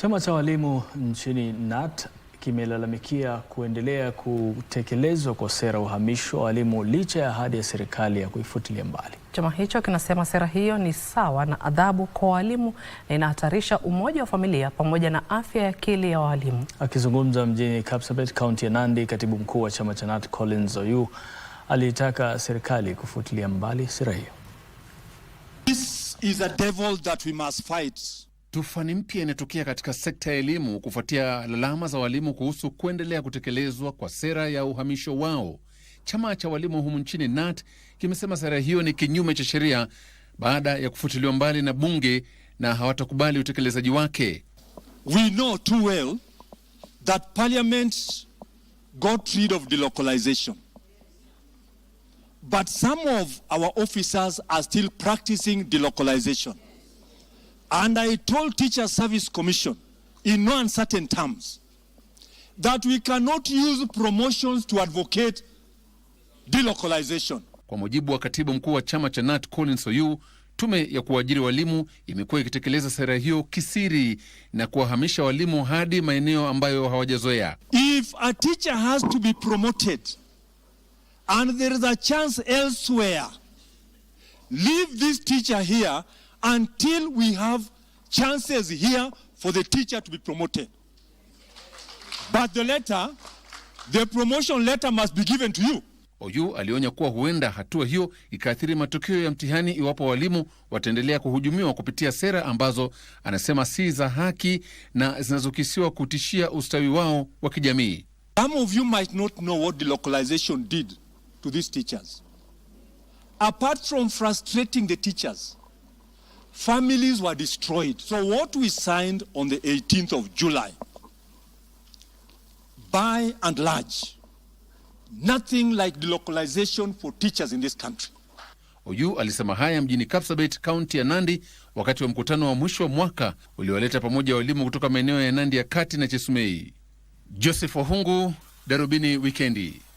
Chama cha walimu nchini KNUT kimelalamikia kuendelea kutekelezwa kwa sera uhamisho wa walimu licha ya ahadi ya serikali ya kuifutilia mbali. Chama hicho kinasema sera hiyo ni sawa na adhabu kwa walimu na inahatarisha umoja wa familia pamoja na afya ya akili ya walimu. Akizungumza mjini Kapsabet, kaunti ya Nandi, katibu mkuu wa chama cha KNUT Collins Oyu aliitaka serikali kufutilia mbali sera hiyo. This is a devil that we must fight. Tufani mpya inatokea katika sekta ya elimu kufuatia lalama za walimu kuhusu kuendelea kutekelezwa kwa sera ya uhamisho wao. Chama cha walimu humu nchini NAT kimesema sera hiyo ni kinyume cha sheria baada ya kufutiliwa mbali na bunge na hawatakubali utekelezaji wake. We know too well that parliament got rid of delocalization but some of our officers are still practicing delocalization And I told Teacher Service Commission in no uncertain terms that we cannot use promotions to advocate delocalization. Kwa mujibu wa katibu mkuu wa chama cha NAT Collins Oyu, tume ya kuajiri walimu imekuwa ikitekeleza sera hiyo kisiri na kuwahamisha walimu hadi maeneo ambayo hawajazoea. If a teacher has to be promoted and there is a chance elsewhere, leave this teacher here until we have chances here for the teacher to be promoted. But the letter, the promotion letter must be given to you. Oyu alionya kuwa huenda hatua hiyo ikaathiri matokeo ya mtihani iwapo walimu wataendelea kuhujumiwa kupitia sera ambazo anasema si za haki na zinazokisiwa kutishia ustawi wao wa kijamii. Some of you might not know what delocalization did to these teachers. Apart from frustrating the teachers, families were destroyed. So, what we signed on the 18th of July, by and large, nothing like delocalization for teachers in this country. Oyu alisema haya mjini Kapsabet, kaunti ya Nandi, wakati wa mkutano wa mwisho wa mwaka uliowaleta pamoja walimu kutoka maeneo ya Nandi ya kati na Chesumei. Joseph Ohungu, Darubini Wikendi.